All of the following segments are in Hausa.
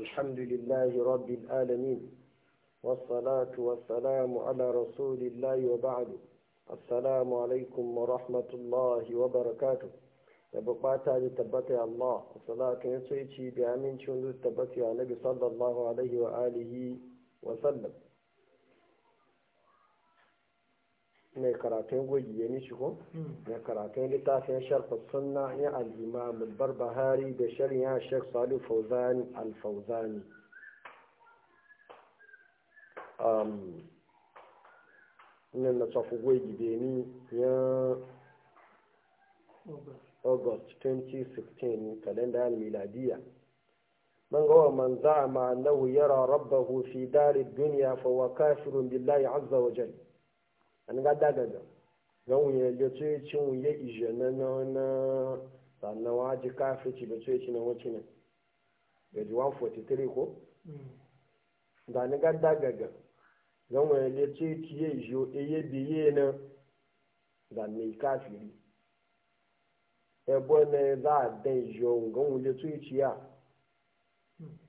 الحمد لله رب العالمين والصلاة والسلام على رسول الله وبعد السلام عليكم ورحمة الله وبركاته تبقاتا لتبتع الله الصلاة يسويتي بأمين شنو تبتع النبي صلى الله عليه وآله وسلم mai karatun gwaji ya nishi ko hmm. mai karatun littafin sharfa sunna ya al-imam al-barbahari da shari'a shek salu fauzani al-fauzani um, nan na gwaji gogi ni ya august 2016 kalenda al-miladiya من هو من زعم أنه يرى ربه في دار الدنيا فهو كافر بالله عز وجل an ga da daga don wuye ya ce cin wuye ije na na na sannan wa ji kafin ci ba ce ci na wacce ne ya ji 143 ko mm. da ni ga da daga don wuye ya ce ci ya ijo eye biye na da mai kafiri ebe ne za a dan ijo ngan wuye ce ci ya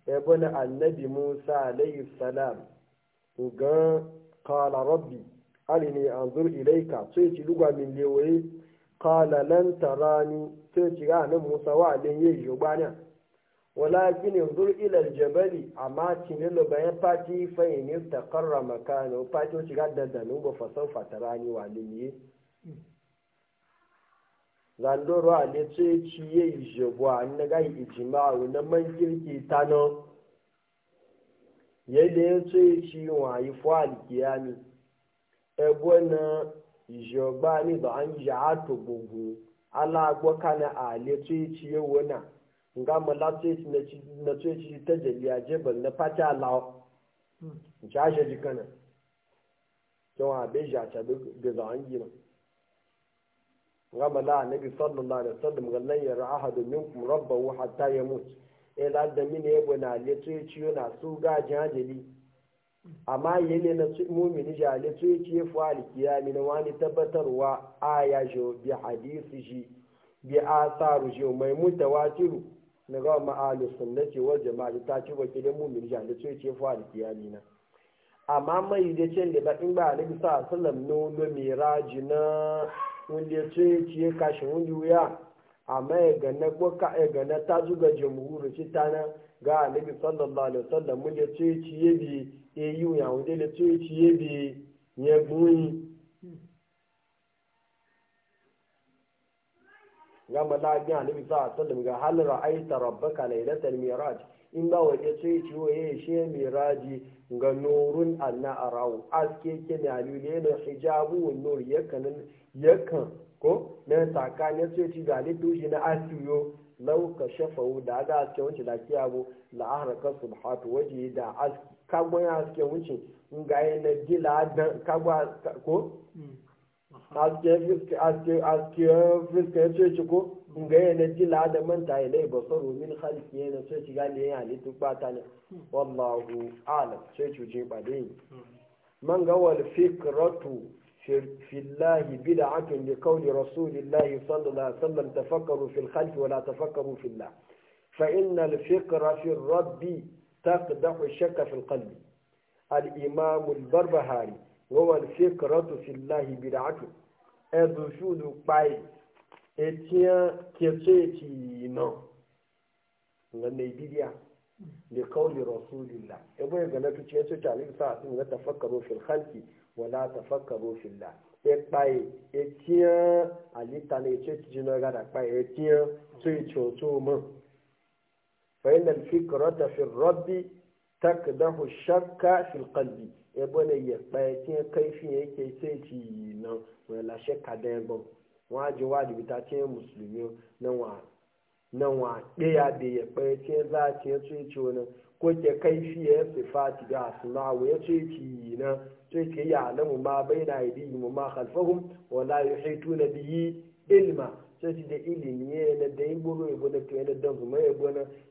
ebe mm. na annabi musa alayhi salam ngan kala rabbi an anzur ilaika sai ci lugwa min lewaye qala lan tarani sai ci ga nan musa wa alin yayi Wala walakin yanzur ila jabali? amma cinin lo bayan fati fa in istaqarra makano fati ci ga daddanu ba fa sau fatarani wa alin yi zandoro a ne sai ci yayi jobwa na ga ijma'u na man kirki tano yadda ya ce ci, wa yi fuwa alkiyami ebe na jọba ni da an ji ato gbogbo alagbo kana a leto ci yawo na nga na to ci ta jaliya jebal na fati alawo ci ashe ji kana kyau a bai ja ta da za gina nga na la nabi sallallahu alaihi wasallam ga lan yara ahadu minkum rabbahu hatta yamut ila e, da mini yabo na leto ci amma yene na mumini jale su yake fuwa alkiyami na wani tabbatarwa aya shi bi hadisi shi bi asaru shi mai mutawatiru na ga ma'alu sunnati wal jama'a ta ci wa da mumini jale su yake fuwa alkiyami na amma mai da cin da in ba sa sallam no no miraji na wanda ce yake kashi wanda wuya amma ya ga na gwaka ya ga ta zuga jamhuri ci ta ga alaihi sallallahu alaihi wasallam mun ya ce ciye bi eyi òyàwó délé tí ti yé bi yẹn gún yín. gama lafiya nabi sa sallam ga hal ra'aita rabbaka lailatal miraj in ba waje sai ciwo yayi she miraji ga nurun anna arau aske ke ne alule hijabu wa yakan ko ne takane sai ci ga litu na asiyo law ka shafa da lafiya bu la ahraka subhatu da aski kagbon ya wuce ga yi na gila dan kagwa ko mm. aske fiske ya ce ko mm. ga yi na gila da manta ya lai ba tsaro min halitta ya na ce gani ya halittu bata ne mm. wallahu alam ce cuce ba da yi man ga wal fikratu في الله بدعة لقول رسول الله صلى الله عليه وسلم تفكروا في الخلق ولا تفكروا في الله فإن الفكر في الرب تقدح الشك في القلب الإمام البربهاري وهو الفكرة في الله بدعة أدوشود باي إتيا كيتشيتي نو غني بديا لقول رسول الله إبوي غنتو تشيتو تعليم ساعة تفكروا في الخلق ولا تفكروا في الله ẹ̀pa ẹ̀tíyàn àlítà lè ṣe ti jìnnà gàdà pa ẹ̀tíyàn tó ìtì ọ̀tún mọ́. فإن الفكرة في الرب تكده الشك في القلب يبون يبايتين كيفية كيسيتي نو ولا شك دينبو واجي واجي بتاتين مسلمين نو نو ديا ديا بايتين ذاتي تيتي ko ke kaifiyar sifati da asma wa ya ce ki na ce ke ya alamu ma bai na yi mu ma khalfahum wa la yuhitu na biyi ilma ce ci da ilimi ya na da ya yi da dan kuma ya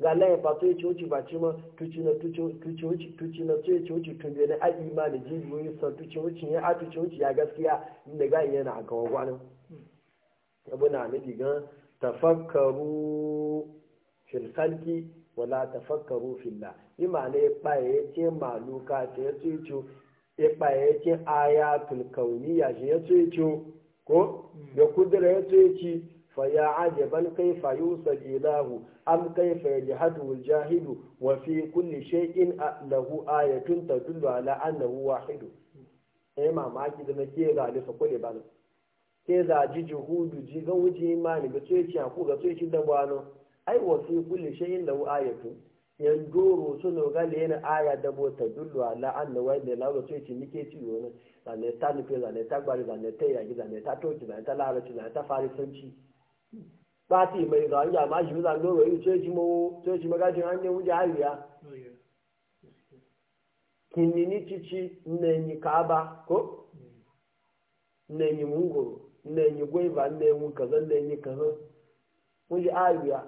ga laye ba to yace wuce ba tu tuci na tuci tu tuci na to yace wuce tun da a imani jibiyoyi sa tuci wuce ya a tuci wuce ya gaskiya inda ga na a kawo gwanin abu na nufi ga tafakkaru fil khalqi wala tafakkaru fillah ima ne baye ce maluka ce ya tuci ya baye ce ayatul kauniya ce ya tuci ko ya kudura ya tuci فيا عجبا كيف يوصل إله أم كيف يجحده الجاهل وفي كل شيء له آية تدل على أنه واحد eh mamaki da nake ga da sako ne ba ke za ji juhudu ji ga wuji imani ga tsoye ciya ko ga tsoye ci da bano ai wa fi kulli shay'in lahu ayatu yan doro suno ga le na aya da bo ta dullu ala anna wa ne lawo tsoye ci nike ci yo ne zane ta nufe zane ta gbari zane ta yaki zane ta toki zane ta larabci zane ta farisanci bati mai zan ya ma shi zan doro yi ce shi mo ce shi magajin an hmm? ne wuce hariya kinini cici nenyi kaba ko nenyi mungoro nenyi gwaiba nenyi kaza nenyi kaza wuce ya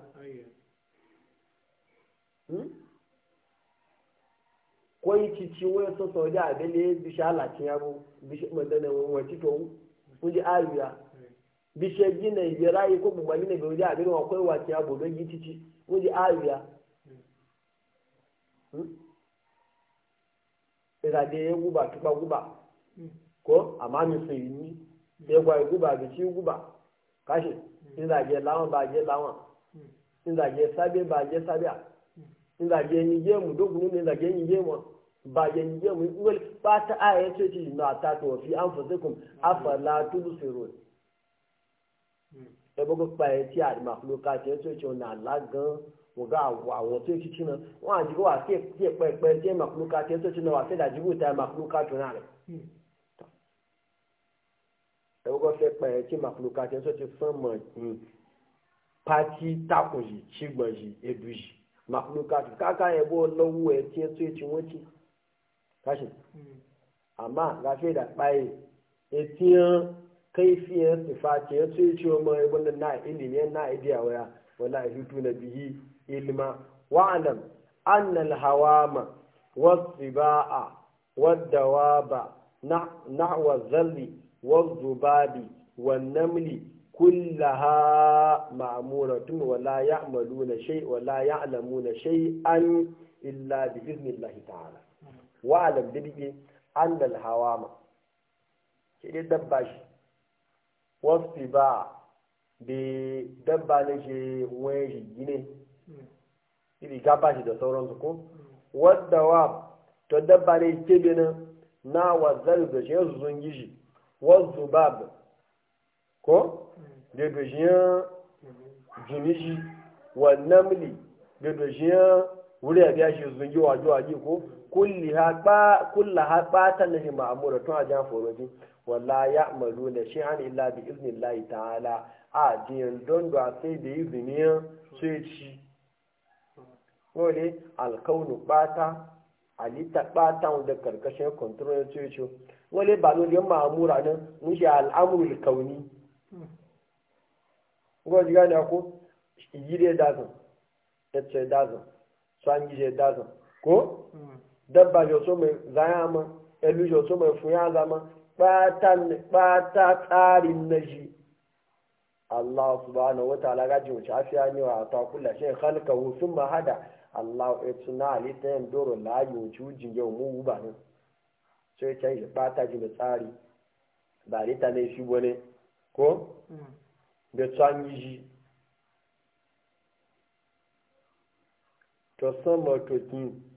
bishe gina birayi hmm? hmm. ko bugba gina bai wuce abin wace abu don yi cici wuce hmm. ariya irade ya guba tuba guba ko amma mi yi ni ya gwaye guba bici guba kashi in lawan ba je lawan in ba je in ni je mu duk in ni je mu ba je ni je mu ba ta aya ce ce na ta to fi anfusikum afala ẹgbẹ́gbẹ́ pa ẹ tí àdìmàfúlùkà tí ẹ tó ṣe ọ̀nà àlá gan ọ̀gá àwọn tó ṣe tí náà wọ́n àdìgbò wà sí ẹ̀ pẹ́ẹ́pẹ́ tí ẹ màfúlùkà tí tó ṣe náà wà sí ìdàjúwò tá ẹ màfúlùkà tó náà rẹ̀. ẹgbẹ́gbẹ́ fẹ́ pa ẹ tí màfúlùkà tí tó ṣe fún mọ̀ ní takùn yìí ṣígbọ̀n yìí edu yìí màfúlùkà tó káká ẹ bọ́ lọ́wọ́ ẹ tí ẹ tó ṣe wọ́n ti káṣí hmm. kaifiyar tufati ya ce cewa mai wannan na ilimi na idiya waya wala hutu na bihi ilma wa'alam annal hawama wasiba'a waddawaba nahwa zalli wazzubabi wannamli كلها معمورة ولا يعملون شيء illa يعلمون شيئا إلا بإذن الله تعالى واعلم ببقي أن الهوامة كده دباشي wasu ba da dabba na shi wani shigi ne hmm. iri gaba shi da sauransu ko wadda wa to dabba ne kebe nan na wazar da shi yanzu sun gishi wasu ba ko hmm. da gajiyar jimishi wa namli da gajiyar hmm. wuri a biya shi sun yi wajewa ko kullaha batan lahi ma'amura tun a jan foroji walla ya amalu da shi hannu illa bi iznin layi ta'ala a jiyan don da sai da yi zuniyan sai ci wale alkaunu bata alita bata da karkashin kontrol sai ci wale ba lo yan ma'amura nan mun shi al'amurul kauni gwaji gane ko gire dazin ya ce dazin sangi je dazin ko hmm. dabba joso mai zaya ma elu so mai fuya zama ɓata tsarin na shi Allah subhanahu wa ta'ala ga wuce afiya ne wa ta kula shi halka hufin hada Allah ya tuna halitta yin doro layi wuce wujin yau mu ba nan sai can shi ɓata ji da tsari ba halitta ne shi wani ko mm. da tsan yi shi to sama to tin.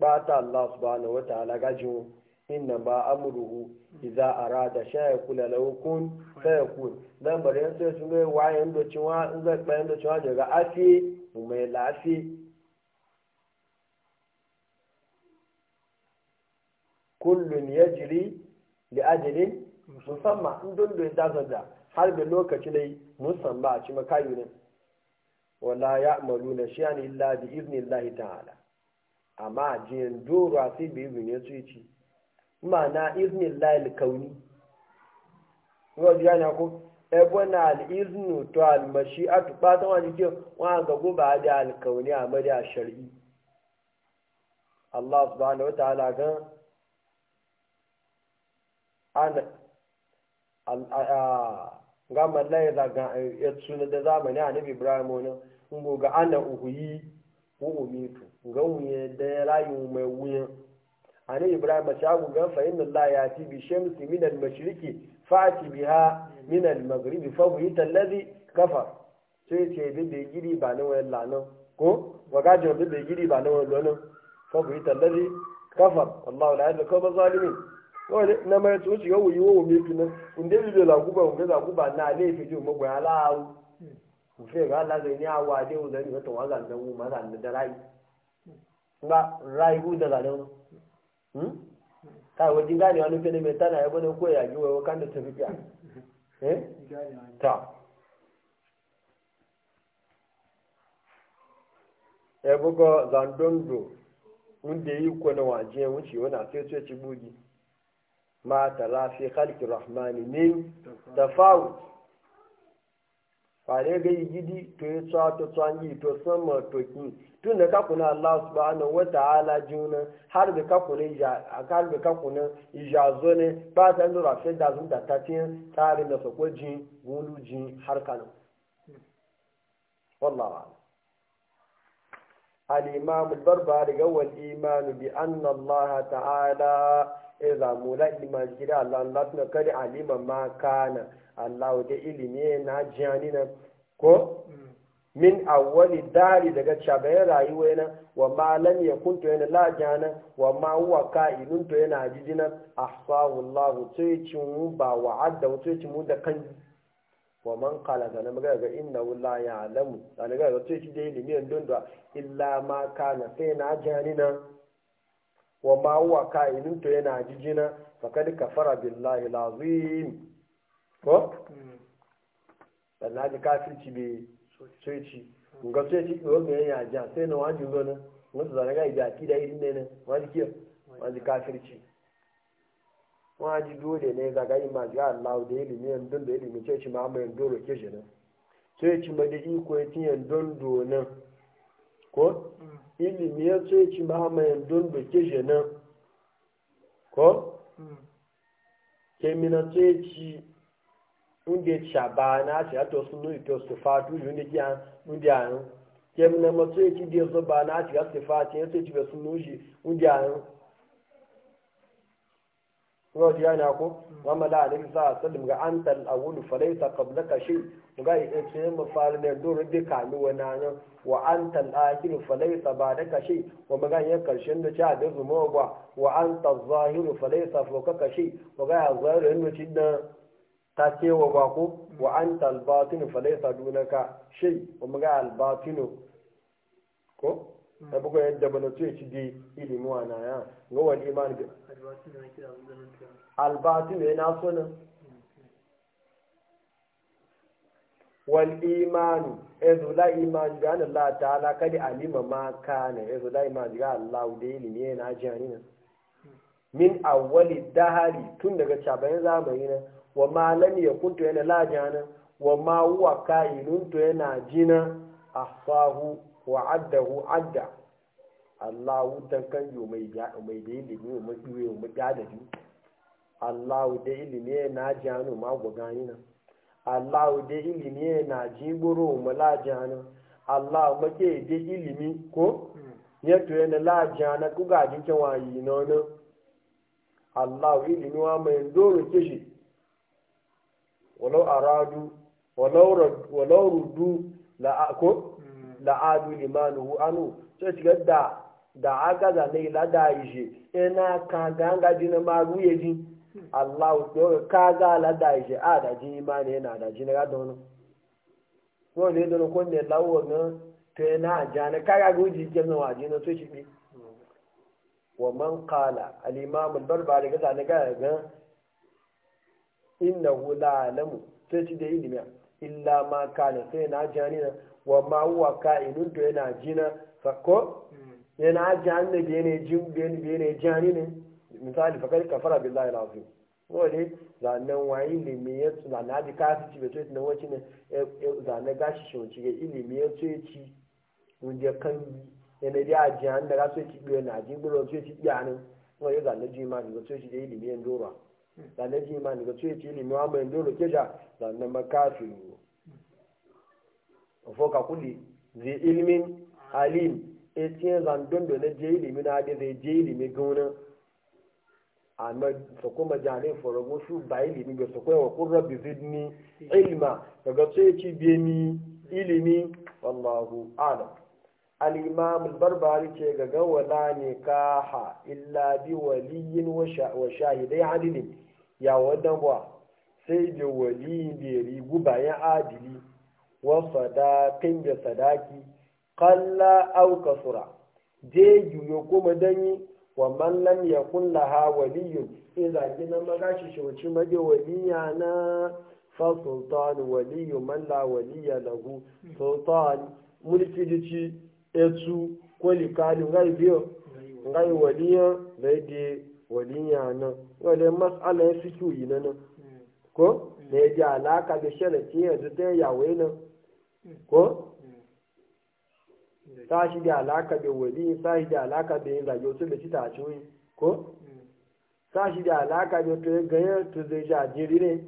bata Allah subhanahu wa ta'ala gajin inna ba amruhu idza arada shay'a kula lahu kun sayakun dan bare yanzu sun ga wayan da cinwa in zai bayan da cinwa daga afi mu mai lafi kullun yajri li ajli musamman in don da ta zanda har da lokaci dai musamma a cikin makayu ne wala ya'maluna shay'an illa bi idnillahi ta'ala amma jiyan duru a sai bai zune su ci ma'ana iznin layil kauni ruwa ji yana ko ebe na al'iznu to almashi a tuba ta wani ke wani ga a da alkauni a mada a shari'i Allah subhanahu wa ta'ala gan an ga lai zaga eh, ya suna da zamani a nabi ibrahim wani ga ana uhuyi ko umitu ga wuye da rayu mai wuyan ani ibrahim shagu ga fa inna allah yati bi shamsi min al mashriqi fa'ati biha min al maghribi fa buhita alladhi kafar sai ce bi da gidi ba na wayan lanan ko wa gajin bi da gidi ba na wayan lanan fa buhita alladhi kafar allah la yadda kawai zalimin wani na mai tsoci yau yi wawo mai tunan inda bi da zaguba inda zaguba na ne fi ji umaru ya la'awu ku fi ga allah zai ni awa dai wuzari wata wazan nan wu mazan da rai ba rayu da zanen hmm? kai wajen gane wani fene mai tana ya bane koya yi wa wakan da ta fi eh? ta ya buga zandondo wanda yi kone waje wuce wani ce ci bugi ma ta lafi halki rahmani ne ta fawo fare ga yi gidi to yi tsa to tsanyi to sama to ki tun da kuna Allah subhanahu wa ta'ala juna har da kuna ya har da kuna ya zo ne ba ta ndo rafe da zun da tatin tare da sako jin gulu har kanu wallahi al-imam al-barbari ga wal iman bi anna Allah ta'ala idza mula iman jira Allah la alima ma kana Allah da ilimi na jiyani na ko min awwali dari daga cabayin rayuwa na wa ma lam yakun to yana lajana wa ma huwa ka'inun to yana jijina ahsahu Allah sai cin mu ba wa adda sai mu da kan wa man qala da na magana ga inna la ya'lamu da na ga sai cin da ilimi don da illa ma kana sai na jani na wa ma huwa ka'inun to yana jijina faqad kafara billahi lazim ko sannan hmm. ji kafirci bai soci ga soci ɗuwa ga ya jan sai na wajen zo nan su zara ga ibi akida irin ne nan wajen kiyo wajen kafirci wajen dole ne zaga yi ma ga allahu da ilimi yan da ilimi ma ma da iko ya tiya don do nan ko hmm. ilimi ya ma unde na shi ato sunu ito sifatu yunde kiya unde anu kem na mato yake de zo bana shi ga sifatu yato ci be sunu shi unde anu ko ji yana ko amma da alim sa sallim ga anta al-awwal falaysa qablaka shay ga yace mu fara ne do rubbi kami wana nan wa anta al-akhir falaysa ba'daka shay wa maga yan karshen da cha da zuma wa wa anta al-zahir falaysa fawkaka shay wa ga zahirin da ta ce wa bako wa an talbatinu falaisa dunaka shi wa muga albatinu ko ta hmm. buga yadda bana tuye ci di ilimi wa na ya ga wani iman ga albatinu yana suna wal imanu ezu la iman ga Allah ta'ala kadi alima ma kana ezu la iman ga Allah da ilimi yana jani hmm. min awwali dahari tun daga cabayin zamani na wa ma lam yakun to yana lajana wa ma huwa kainun to yana jina ahsahu wa addahu adda Allahu dan kan yo mai da mai da ilimi mai duwe mu da da ju Allahu da ilimi ne na janu ma gogani na Allahu da ilimi ne na jiburo mu lajana Allahu make da ilimi ko to yana lajana ku ga jikin wayi nono Allahu ilimi wa mai dole kishi walau aradu walau rudu la'ako mm. la'adu limanuhu anu sai shiga da da aka zane lada ishe ina e ka ganga jini ma ruye ji Allah ko ka ga lada ishe a da jini ma ne yana da jini ga dono ko ne dono ko ne lawo ne to yana e jani ka ga guji wa mm. wa man inna la alamu sai ci da ilimi illa ma kana sai na na wa ma huwa ka'inun to yana jina fakko yana janina da yana jin da yana janina misali fakar kafara billahi alazim wani zanen wayi ilimi ya na ji kafi ci bai na wacce ne zanen gashi shi wanci ga ilimi ya tsoye ci wunje kan yana da ajiyar da ga tsoye ci biyu na jin gudu tsoye ci biyanin wani zanen jima ne ga ya ci da ilimi ya sannan shi ma daga cewa ce ne wa mai dole kisha sannan makafi foka kuli zai ilimin alim e tiye zandun da na je ilimin na zai je ilimin gona amma su kuma jane farago su ba ilimin ga su kwaiwa kun rabbi zidni ilima daga cewa ce biye ni ilimi wallahu alam الإمام البربري تيغا ولا نكاح إلا بولي وشاهدي عدل ya wannan ba sai da wali da rigu bayan adili wa sadakin da sadaki kalla au kasura je juyo kuma danyi wa man lam yakun laha waliyun idza gina magashi shoci maje waliya na fa sultan waliyu man la waliya lahu sultan mulki dici etu kwalikali ngai biyo ngai waliya zai waliya nan wale mas'alan sikiri na nan ko mm. na yaji alaka da sharafi yanzu ta yawe nan mm. ko mm. ta shi da alaka da wali ta shi da alaka da yin zage wasu da shi ta ci ko ta shi da alaka da to ganye to zai ja jirire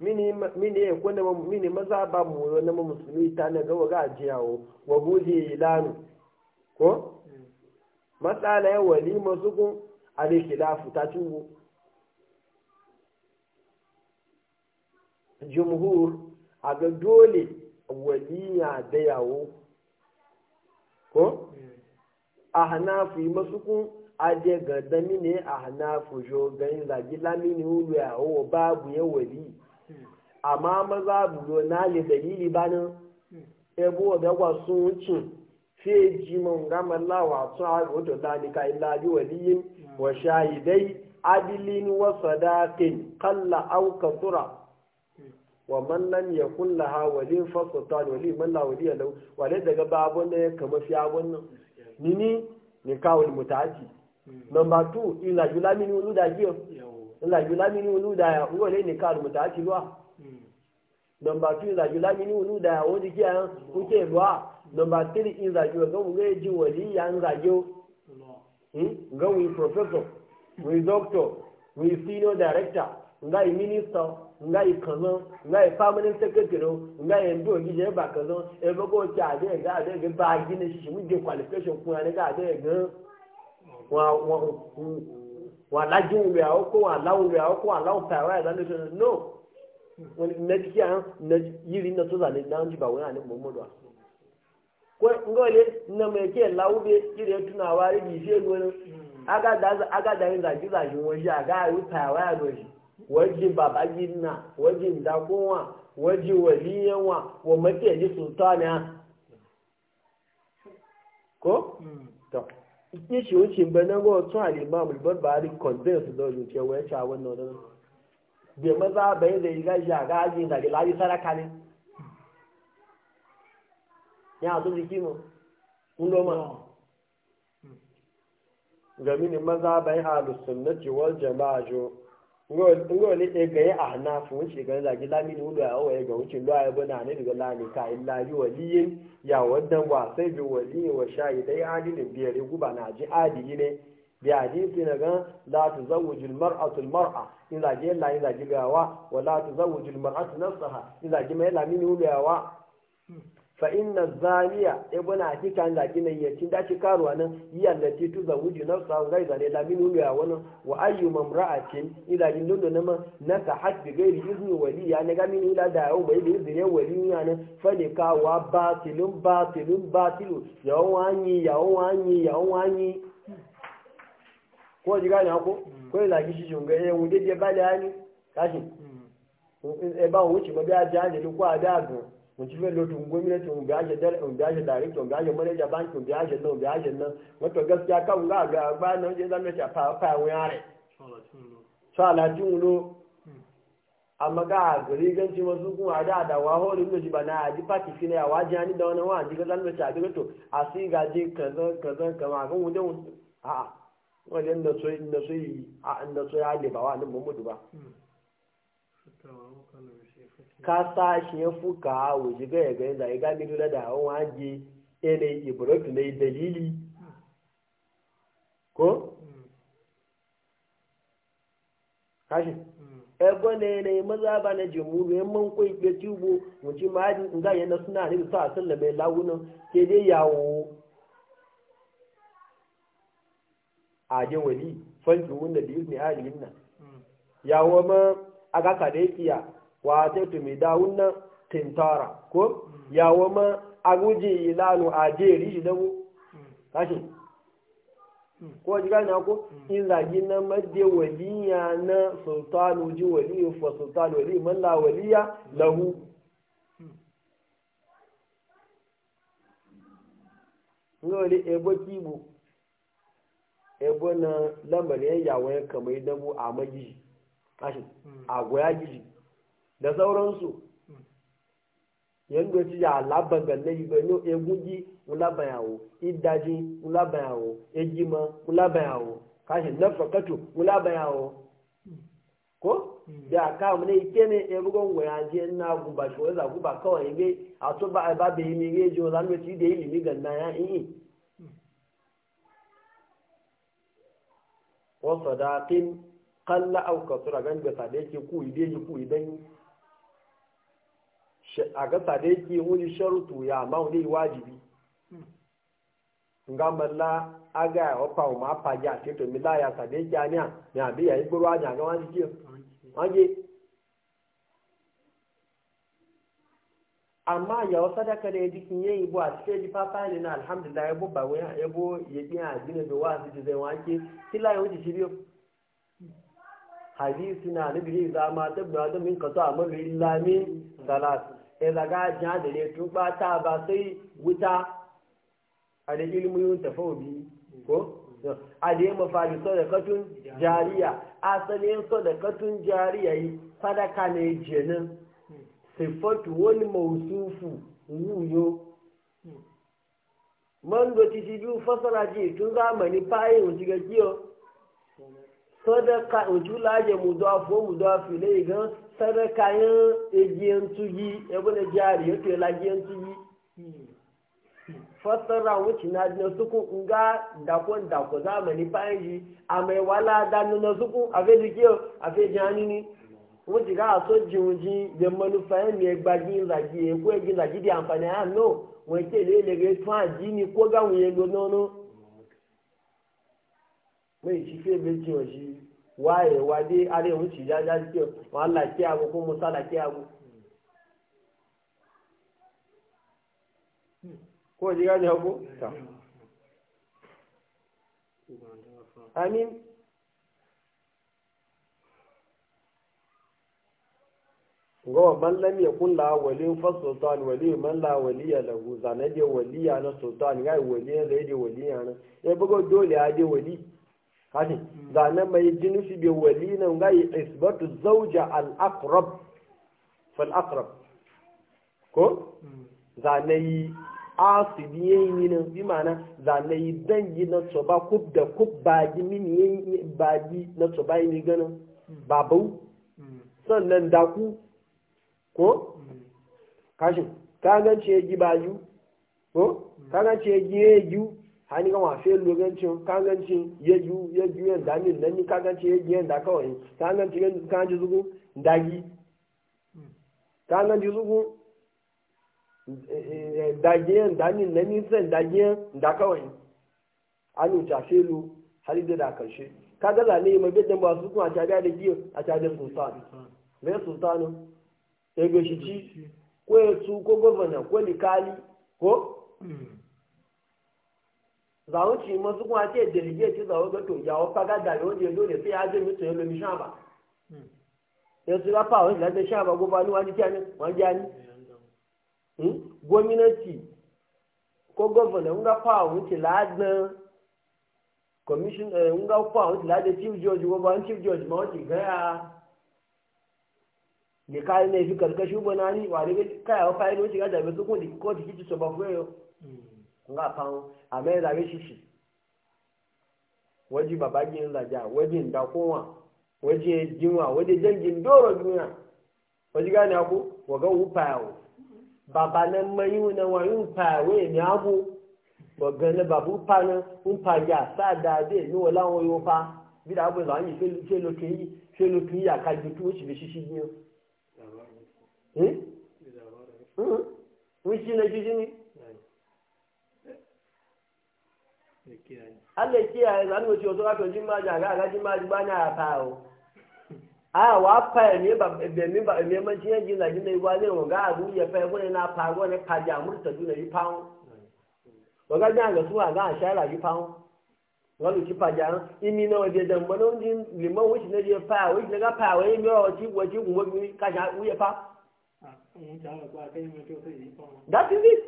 mini mini ko na mini maza ba mu wani musulmi ta na gawa ga jiyawo wa buji ilanu ko matsala ya walima sukun alkhilafu ta tubu jumhur a ga dole waliya da yawo ko a hanafu yi masukun aje ga dami ne a hanafu jo ganin zagi lamini ulu ya hawa babu ya wali amma maza bulo na le dalili banin hmm. ebo da wasu cin sai ji man gama lawa su a wato dalika illa bi waliyin wa shahidai adilin wa sadaqin qalla aw kathura wa man lam yakun laha waliyin fa sultan wali man la waliya lahu wale daga babu ne kamar fi abun nini ni kawul mutaati number 2 ila yulamini uluda jiyo ila yulamini uluda ya wale ni kawul mutaati lwa hmm. number 2 ila uluda ya wodi kuke ruwa. Nomba tiri in zagiyo ga mu ga ji wali yan zagiyo ga wi professor wi doctor wi senior director nga yi minister nga yi kazan nga yi permanent secretary nga yi ndo ogi je ba kazan ebe ko ti ade ga ade ga ba gi ne shi mu de qualification kun ade ga ade ga wa wa wa laju le awo ko wa lawo ya, awo ko wa lawo pa wa da no wani na kiyan na yiri na to na ji ba wani ne mu mu ngole na mai ke laube kire tunawa ribi she gona aga da aga da yin zaji zaji wani aga yi tawa ya goshi waje baba gina waje dakunwa waje waliyanwa wa mace ji sultana ko hmm. to ike shi wuce bana go tun alima bulbar bari condense da wuce waya cha wannan da bai ga aga ní àtún ti kí mu ń lọ gami ni maza bai halu sunnati wal jama'a jo ngo ni e gaye a na fun shi ga da lami ne wudu a o ya ga wucin lo ya bana ne daga lani ka illa bi waliyin ya wadan wa sai bi waliyin wa dai adilin biyar guba na ji adili ne bi hadisi na gan la tuzawwiju al-mar'atu al-mar'a in zagi la in zagi gawa wa la tuzawwiju al-mar'atu nafsaha in zagi mai lami ne ulo ya wa فإن الزانية ابن عتيك عن لكن يتين داشي كارو أنا هي التي تزوج نفسها غير لا من ولا وانا وأي امرأة إلى جنون نما نكحت بغير إذن ولي يعني كم من إلى دعوة بغير إذن ولي يعني فلكا وباطل باطل باطل يواني يواني يواني ko ji gane hako ko ila gishi shunga eh wunde je bale ani kashi e ba wuce ba da jani ko ada gun mun ci fiye lotun gwamnati mun biya shaidar mun biya shaidar mun biya shaidar manager bank mun biya shaidar mun biya shaidar wato gaskiya ka kan ga ga ba nan je zan mace fa fa wani are sa latin wulo amma ga gari ganci masu kuma da da wa hori mun ji bana ji party fine ya waje ani da wani wani ga zan mace da to a sai ga je kaza kaza kama kan wuje a wani da so inda so a inda so ya ba wa nan mun mutu ba hmm. ka sashen fuka hawa jiga ya gani zai gami nuna da hawan haji yanayi ibrahim na dalili ko? kashi mm. ebe na yanayi maza ba na jimuru yan man kwai ke tubo wuce ma na in ga yana suna ne sa asalla mai lagunan ke dai yawo a jawali fanki wunda da yuzni halin nan mm. yawo ma a gaka da ya wa ta da dawunna tintara ko ya wama aguje ilanu a jeri shi dabu kashi ko ji gane ko in zagi na madde waliya na sultanu ji waliyu fa sultanu wali man la waliya lahu ngoli ebo kibu ebo na lamarin yawon kamar dabu a magiji kashi a goya giji da sauransu yadda ci ya laban ganna yi gano egungi mulabayawo idaji e mulabayawo egima mulabayawo kashi nafakatu mulabayawo ko hmm. da ka mu ne kene ebugon goya je na guba shi wanda guba kawai ne a to ba ba be mi ne jo zan ci da yi ni ganna ya e yi hmm. wa sadaqin qalla aw kasura gan ga sadaqi ku ide ku idan a ga sade ki wuli sharutu ya ma wuli wajibi hmm. nga malla aga ya ma pa ja ti to mi la ya sade ki ania ni abi ya igboro aja ga wan ki amma ya wasa da kare kin yayi a cikin ji papa ne na alhamdulillah ya bo ba ya bo ya bi a gina da wa su ya na nabi zama tabba da min illa min hmm. salat ezaga jan da ne tuba ta ba sai wuta a da ilmiyin tafawobi ko a da yi mafari sadakatun jariya asalin sadakatun jariya yi sadaka ne jenin sifatu wani mausufu wuyo man da ci biyu fasara ji tun zamani fayin wuce ga kiyo sadaka wuce laje mu dafuwa mu dafi ne gan sadaka yin egiyan tuyi ebe na jari ya tuye lagiyan tuyi fasara wuce na na suku nga dakon dako zamani bayan yi a mai wala da na suku a fe jiki a fe jani ni wuce ga aso jinji ya manufa yin mai gbagi zagi ya ko egin zagi di amfani a no wọn ke le lege tun aji ni ko ga gawun yego nono mai shi fe bai wa shi wayewa dai arewun ci ya ja ke wahala ke abu ko musala ke abu ko ji gane hagu ta amin gowa man lam yakun la wali fa sultan wali man la wali lahu zanaje waliya na sultan gai wali zai je waliya na ya e bugo dole ya wali kaji zane mm. mai jinusi bai wali nan gai isbatu zauja al-aqrab fal aqrab ko mm. zane yi asibi yayi nan bi mana zane yi dangi na tsoba kub da kub baji mini yayi baji na tsoba yi ni ganin mm. babu sannan daku ko kashin kagance ya ba baju ko kagance ya yi ya hani ga wafe logancin kangancin ya yu ya yu yan da min nan ni kangancin ya yu yan da kawai kangancin yan kanji zugu dagi kangancin zugu dagi yan da min nan ni san dagi yan da kawai anu ta felu hali da da karshe kaga la ne mai bidan ba su kuma ta da da giyo a ta da sultan me sultanu ego shi ci ko su ko governor ko likali ko hmm. zawo ci masu kuma ce delegate zawo ga to yawo faga da yau je dole sai ya je mutu ya lomi sha ba hmm. ya su ga fa wani da sha ba ni gwamnati hmm? ko gwamna nga fa ci ladan commission eh nga fa wani ladan chief judge chief judge ma wani gaya ne kai ne fi karkashin banani wa daga kai wa fa'iloci ga da su ko ko ki ci so ba fuyo e hmm. nga pan ame la ge shishi waji baba jin la ja waji nda kowa waji jinwa waji jangin doro duniya waji gane ku waga upawo baba na mayu na wayu upawo ni e abu waga na babu pana umpa ja sada de ni wala won yo fa bi da abu la yi se lo ke se lo ki ya ka ju tu shi shishi ni eh eh shi na shishi ni alẹ́ kí ẹ lánàá ojú ọ̀sọ́ a ojú máa jẹ àgá àgá jí máa jí bá ní àpá o àwọn apá ẹ̀mí ẹ̀mí ẹ̀mí ẹ̀mí tí yẹn jí làjí náà ne ní ọ̀gá àgúrú yẹ fẹ́ fún iná apá àgọ́ ní pàjá àmúrùtọ̀jú náà yí páwọn ọ̀gá jẹ́ àgọ́ fún àgá àṣà ẹ̀là yí páwọn wọ́n lù kí pàjá ìmí náà ọ̀dẹ̀ dẹ̀ mọ́ náà ní lèmọ́ wọ́n sì lè pa àwọn ìṣẹ̀lẹ̀ yi pa àwọn ẹ̀mí ọ̀tí wọ́n ti wọ́n bí kájà wúyẹ pa. that is it.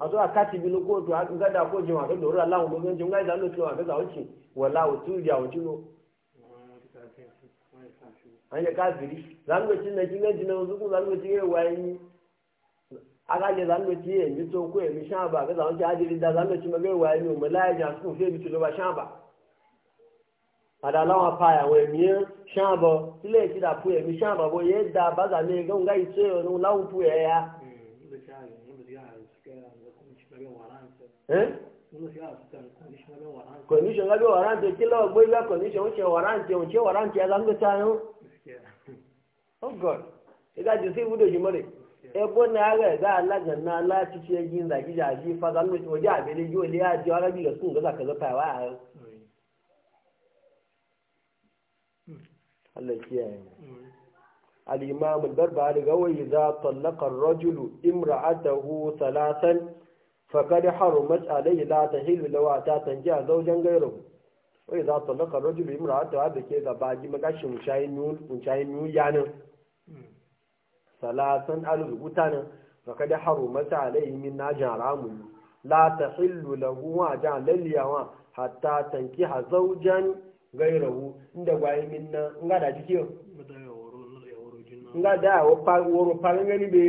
a kati bi loko to nga da ko jima to dora lawo go nje nga da lo to aga za uchi wala utu ya uchi no anya ka biri zango chin na jinga jina uzuku zango chin wa yi aga le zango chin mi to ko mi shamba ga za uchi ajiri da zango chin magai wa yi mu la ja ku fe bi to ba shamba ada lawa pa ya we mi shamba ile ki da ku e mi shamba bo ye da ba za ne ga nga itse no lawo pu e ya condition ga bi warranty kila gbé ga condition ń ṣe warranty ń ṣe a ń. oh god ìgbà tí sí ibùdó yìí mọ́lẹ̀ ẹgbẹ́ náà rẹ̀ gá alágànná pa Allah ya Al-Imam al-Barbari ga wa talaqa ar-rajulu imra'atahu thalathan فقد حرمت عليه لا تحل لو اتى تنجا زوجا غيره واذا طلق الرجل امراته هذا كذا باجي مغاش مشاين نون مشاين نول يعني ثلاثا على زبوتانا فقد حرمت عليه من ناجع رام لا تحل له واجع لليوا حتى تنكح زوجا غيره عند غاي منا غدا جيو غدا وورو بارغني بي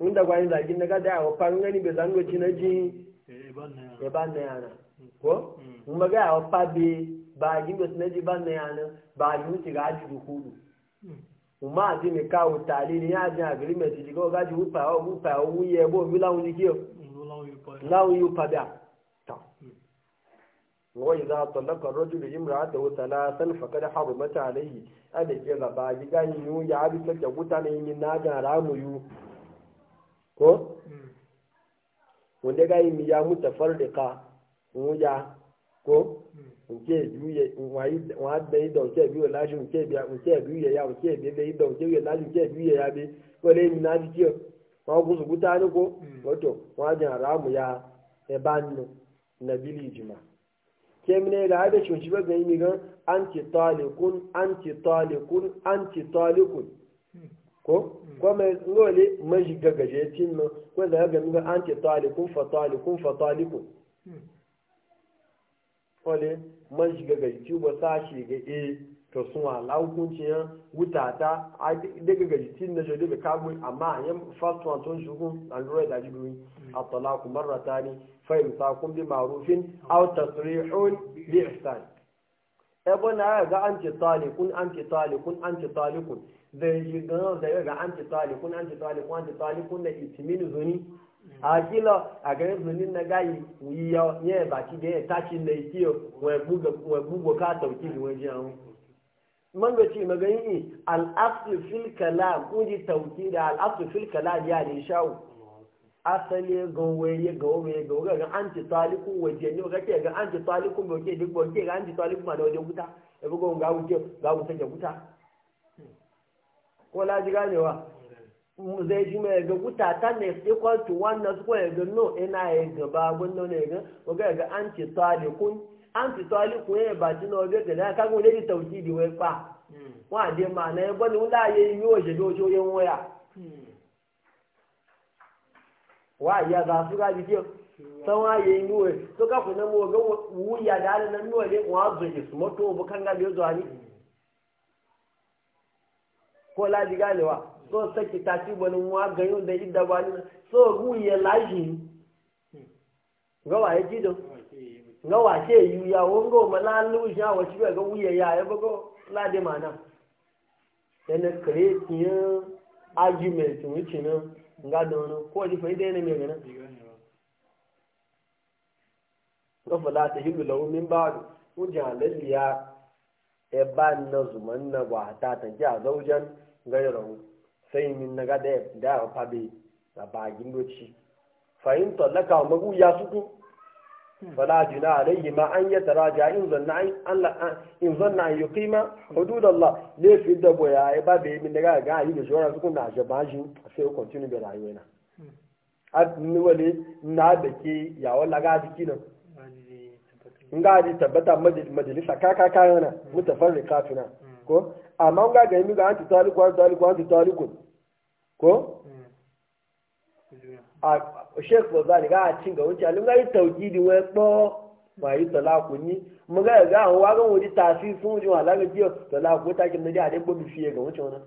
mun da gwani zagin na gada yawa farin gani bai na ji ya na yana mm. ko mun mm. ba gaya wa fa be ba na ji ban na yana ba yi wuce ga aji dukudu kuma a ji mai kawo talili ya ji agreement ji ga gaji wufa ya wufa ya wuye bo bi lawun ji kiyo lawun yi fa biya ta wa idza talaqa ar-rajulu imra'atahu thalathan faqad haramat alayhi ada ke gaba ji gani yu ya bi take guta ne na ko hmm. wanda ga yi ya muta farɗika wuya ko nke hmm. biyu wa da yi da nke biyu lashi nke biya nke ya nke biya da nke biyu lashi nke ya bi ko le mi na ji kiyo wa ku su guta ni ko wato hmm. wa jin haramu ya e ba na bili jima ga mi ko mai ngoli maji gagaje tin no ko da ga mi an anti talikun fa talikun fa talikun kole maji gagaje ti ba sa shi ga e to sun ala hukunci yan wutata a daga gaji tinno na jode ga kago amma yan first one ton shugun an ruwa da jibi at-talaqu marratani fa imsakun bi ma'rufin aw tasrihun bi ihsan ebo na ga anti talikun anti talikun anti talikun zai ji ganin zai ga an ci talikun an ci talikun an na itimin zuni a kila a garin zunin na gayi yi ya baki da ya tashi na ikiyo wai bugo ka tauki da wajen yawon man da ce magani al'afsu fil kalam kuji tauki da al'afsu fil kalam ya ne shawo asali gawe ya gawe ya gawe ga an ci talikun wajen yau kake ga an ci talikun ba ke duk ba ga an ci ma da wajen wuta ya bugo ga wuce ga wuta ke wuta ko laji ganewa zai ji mai ga gutata ne equal to one na suka ya ga no ina ya ga babun nan ya ga ga an ci tsali kun an ci tsali kun ya ba na waga ga da kaga wani da tauhidi wai fa hmm. wa de ma na ya bani ya yi dojo hmm. wa ya ga su ga ji sanwa ya yi nuwe to kafin mu ga wuya da halin nan nuwe wa zo ya su mato bu ga da zo ani ko laji ganewa so saki ta ci da idda ni so gu ya laji ga wa yaji do ga wa ke yu ya wongo malalu ja wa ci ga wuya ya e ya bago lade mana na nga dono ko di fa idai ne me gana ko fa la ta hibu lahu min ya e a na ta ta gairahu sai min na ga da da fabe na bagin doci fahim tallaka magu ya suku fala jina alayhi ma an ya taraja in zanna an in zanna yuqima hudud Allah le fi da boya ai ba be min daga ga yi da shora suku na jabajin sai continue da rayuwa na at ni wale na da ke ya wala ga jiki nan in ga ji tabbata majalisa kaka kana mutafarrika kafina. ko amma ga ga yi ga anti taliku anti taliku anti taliku ko a sheikh zani ga cin ga wuce alin ga yi tawjidi wa ko ma yi talaku ni mun ga ga an wa ga wuri tafi sun ji wala ga jiyo talaku ta kin da ji a dai gobi fiye ga wuce wannan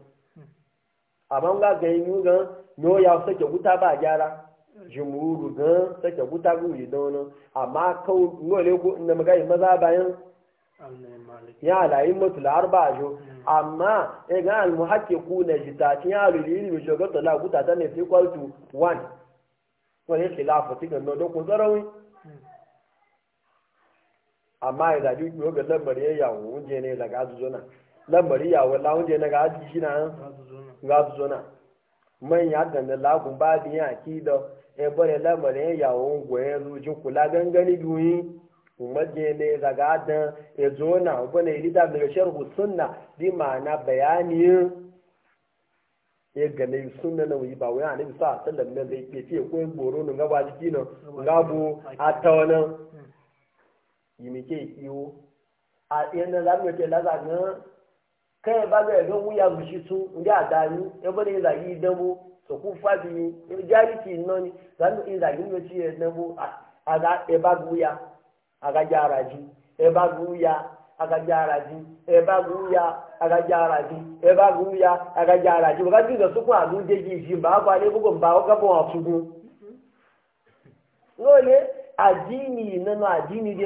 amma ga ga yi ga no ya sake guta ba gyara jumuru ga sake guta ga wuri wannan amma kawo ngole ko inda magai yi maza bayan ya alayin mutu larba ajo hmm. amma e ga almuhakki ku na jitatin ya lulu ilmi shogato la kuta ta ne fi equal to one wani khilafu ti gano don ku zarawi hmm. amma ya zaɓi yoga lambari ya yawon wunje ne zona lambari yawon la wunje na zona man ya ganda lagun ba da e lambari ya yawon kula gangani biyu majene zaga da ya zo na wani ilita daga sharhu sunna bi ma'ana bayani ya gane sunna na wuyi ba wai a nabi sa sallam na zai ke fiye koyin goro nun gaba jiki nan gabo a ta wani yi mi ke iyo a tsayin da zamu ke laza na kai ba zai ga wuya mushi su ndi a dani ya bane ya zagi dabo to ku fadi jariki za zamu in zagi ne ci dabo a ga e ba wuya agaghị araji ebe agụụ ya agaghị araji ebe agụụ ya agaghị araji ebe agụụ ya agaghị araji maka jizọs kwụ agụ de gị mba agwa n'ebugo mba ọ gabụ ọtụgbu n'ole adini nanu adini de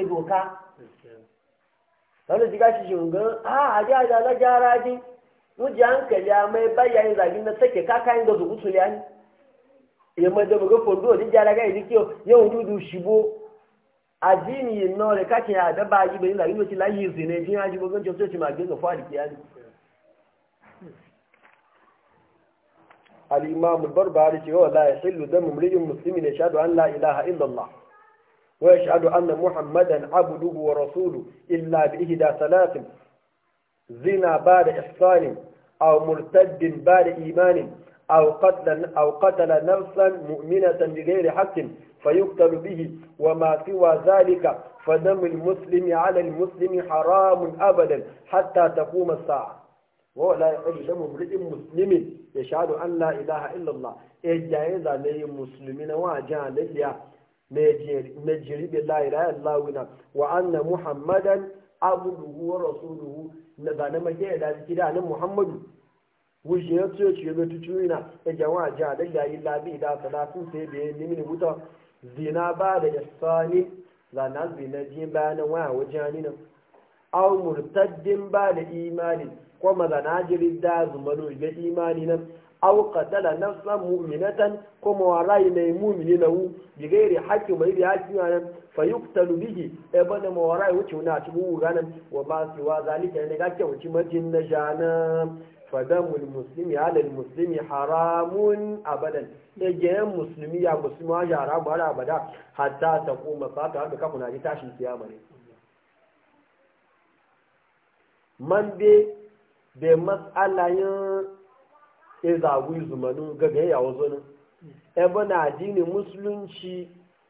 Ka wanda ji gashi shi a aji aji ala jara ji a mai bayayin zagin ya ya fondo ga shibo ajini yin nore kake ya da ba yi bayin zagin wace layi su ne jin haji bugun cewa ce magin ga fadi kiyani al-imam al-barbari ce wa la yahillu damu mrijin muslimin yashhadu an la ilaha illa allah wa yashhadu anna muhammadan abduhu wa rasulu illa bi ihda salatin zina ba'da ihsanin aw murtaddin ba'da imanin aw قتل aw qatala nafsan mu'minatan bighayri haqqin فيقتل به وما سوى ذلك فدم المسلم على المسلم حرام أبدا حتى تقوم الساعة وهو لا يحل دم امرئ مسلم يشهد أن لا إله إلا الله إجايز عليه مسلمين وأجان لله نجري بالله لا إله إلا وأن محمدا عبده ورسوله نبانا مجيء ذلك كده محمد وجهة تشيبه تشوينا إجاوا أجان لله إلا بإذا ثلاث سيبه من وطا zina ba da isani zana zina jin bayanan waya wajen hannu nan aw murtaddin ba da imani ko mazana jirin da zumanu ga imani nan aw qatala nafsan mu'minatan ko mawarai ne mu'mini wu. bi gairi haqqi mai da haqqi nan fa yuqtalu bihi e bana mawarai wuce na cikin bugu ganan wa ba su wa zalika ne ga kyauci majin na jana fadamu muslimi alal muslimi haramun abadan ɗagen musulmi ya musulmi wa ya haramu har abada ta koma fata har da kafin na ji tashin kiyama ne man be da matsalayin ezagwi zumanin gaga ya wazo nan ebe na addini musulunci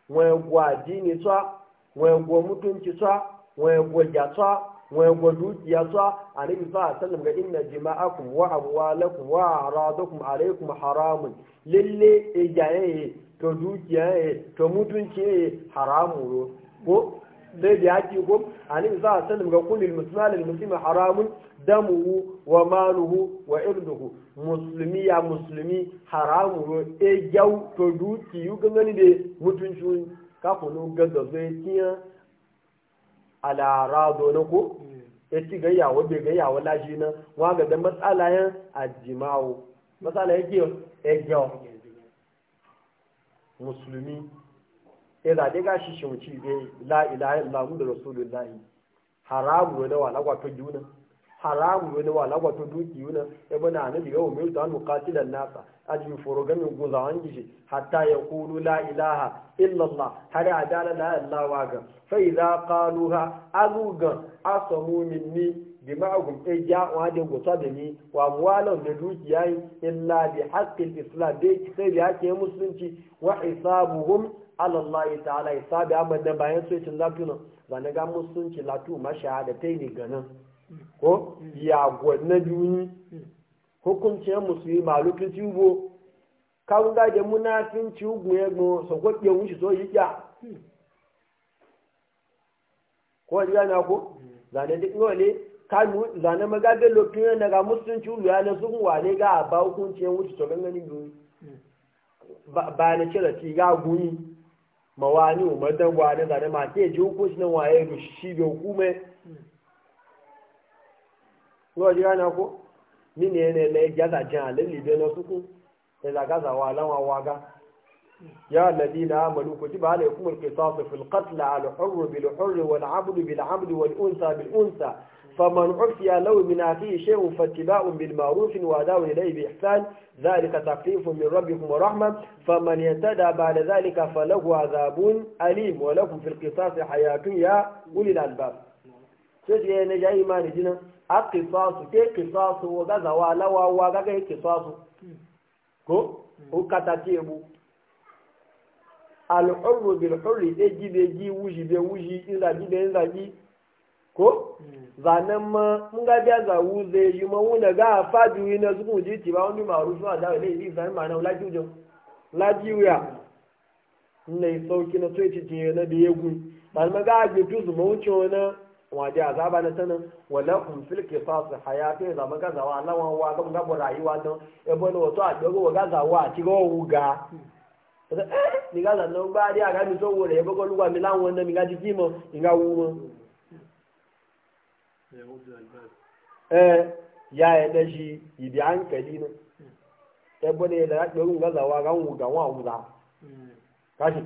wani gwa addini tsa wani gwa mutunci tsa wani gwa gyatsa wani gwadu ya sa? a nabi sa sallam ga inna jima'akum wa amwalakum wa aradakum alaykum haramun lalle ejaye to dukiya to mutunci haramu ro ko dai da yake ko annabi sa sallam ga kullu muslimin muslimi haramun damuhu wa maluhu wa irduhu musulmi ya musulmi haramu ro e jau to dukiyu gani de mutunci ka kuno gadda zai tiya alara na ko ya ci gayyawa bai gayyawa lashi na waga ga da matsalayen ajimawo matsalayen ke egyo musulmi ya zaɗe ga shi wuce bai la'ilayen mu da rasulullahi haramu da wa lagwato juna. haramu wani wa lagwato dukiyu na ebe na anabi ga umar da hannu nasa a ji foro gamin guza wani hatta ya kulu la ilaha illallah har ya dala la ilaha ga fai za kalu ha asamu minni dima'ukum e wa da gusa da ni wa muwalan da dukiya illa bi haqqil islam dai sai da yake musulunci wa hisabuhum ala allah ta'ala hisabi amma da bayan sai tun lafiya ba na ga musulunci latu mashahada tai ne ganin ko yagwa na duni hukuncin musulmi lokaci ubo kawun gaje munafinci ugun egbon sokwakiya wuce so yi ya ko ji gana ko zane duk wale kanu zane magabe lokacin daga musulunci ulu ya ga ba hukuncin wuce so gangani duni ba na cire ci ga guni mawani lọ́wọ́ jẹ́ ránà kó nínú ẹni ẹlẹ́ jáza jẹ́ àlẹ́ lè bẹ́ẹ̀ lọ sókún ẹ̀là gáza wà láwọn awága يا الذين آمنوا كتب عليكم القصاص في القتل على الحر بالحر والعبد بالعبد والأنثى بالأنثى فمن عفي له من أخيه شيء فاتباع بالمعروف وأداء إليه بإحسان ذلك تخفيف من ربكم ورحمة فمن يتدى بعد ذلك فله عذاب أليم ولكم في القصاص حياة يا أولي الألباب sai na yana ya yi ma a kisasu ke kisasu wa gaza wa lawa gaga ya kisasu ko hmm. ukata tebu al'urru bil hurri ɗe ji be ji wuji be wuji in zagi be ko hmm. zanen ma mun ga biya za wuze yi ma wuna ga fadi wi na zuku ji ti ba wani ma na wuya ne sauki na ci na da ya ba ma ga ma wuce wani waje azaba na sanin walakum fil qisas hayatin zaman gazawa Allah wa wa gam gabo rayuwa don e bone wato a dogo wa gazawa a cigo wuga ni gaza no ba dia ga mi so wo re bogo luwa mi lan wonda mi ga ji kimo inga wumo eh ya e da shi ibi hankali ne e ne da ga dogo gazawa ga wuga wa wuga hmm. kashi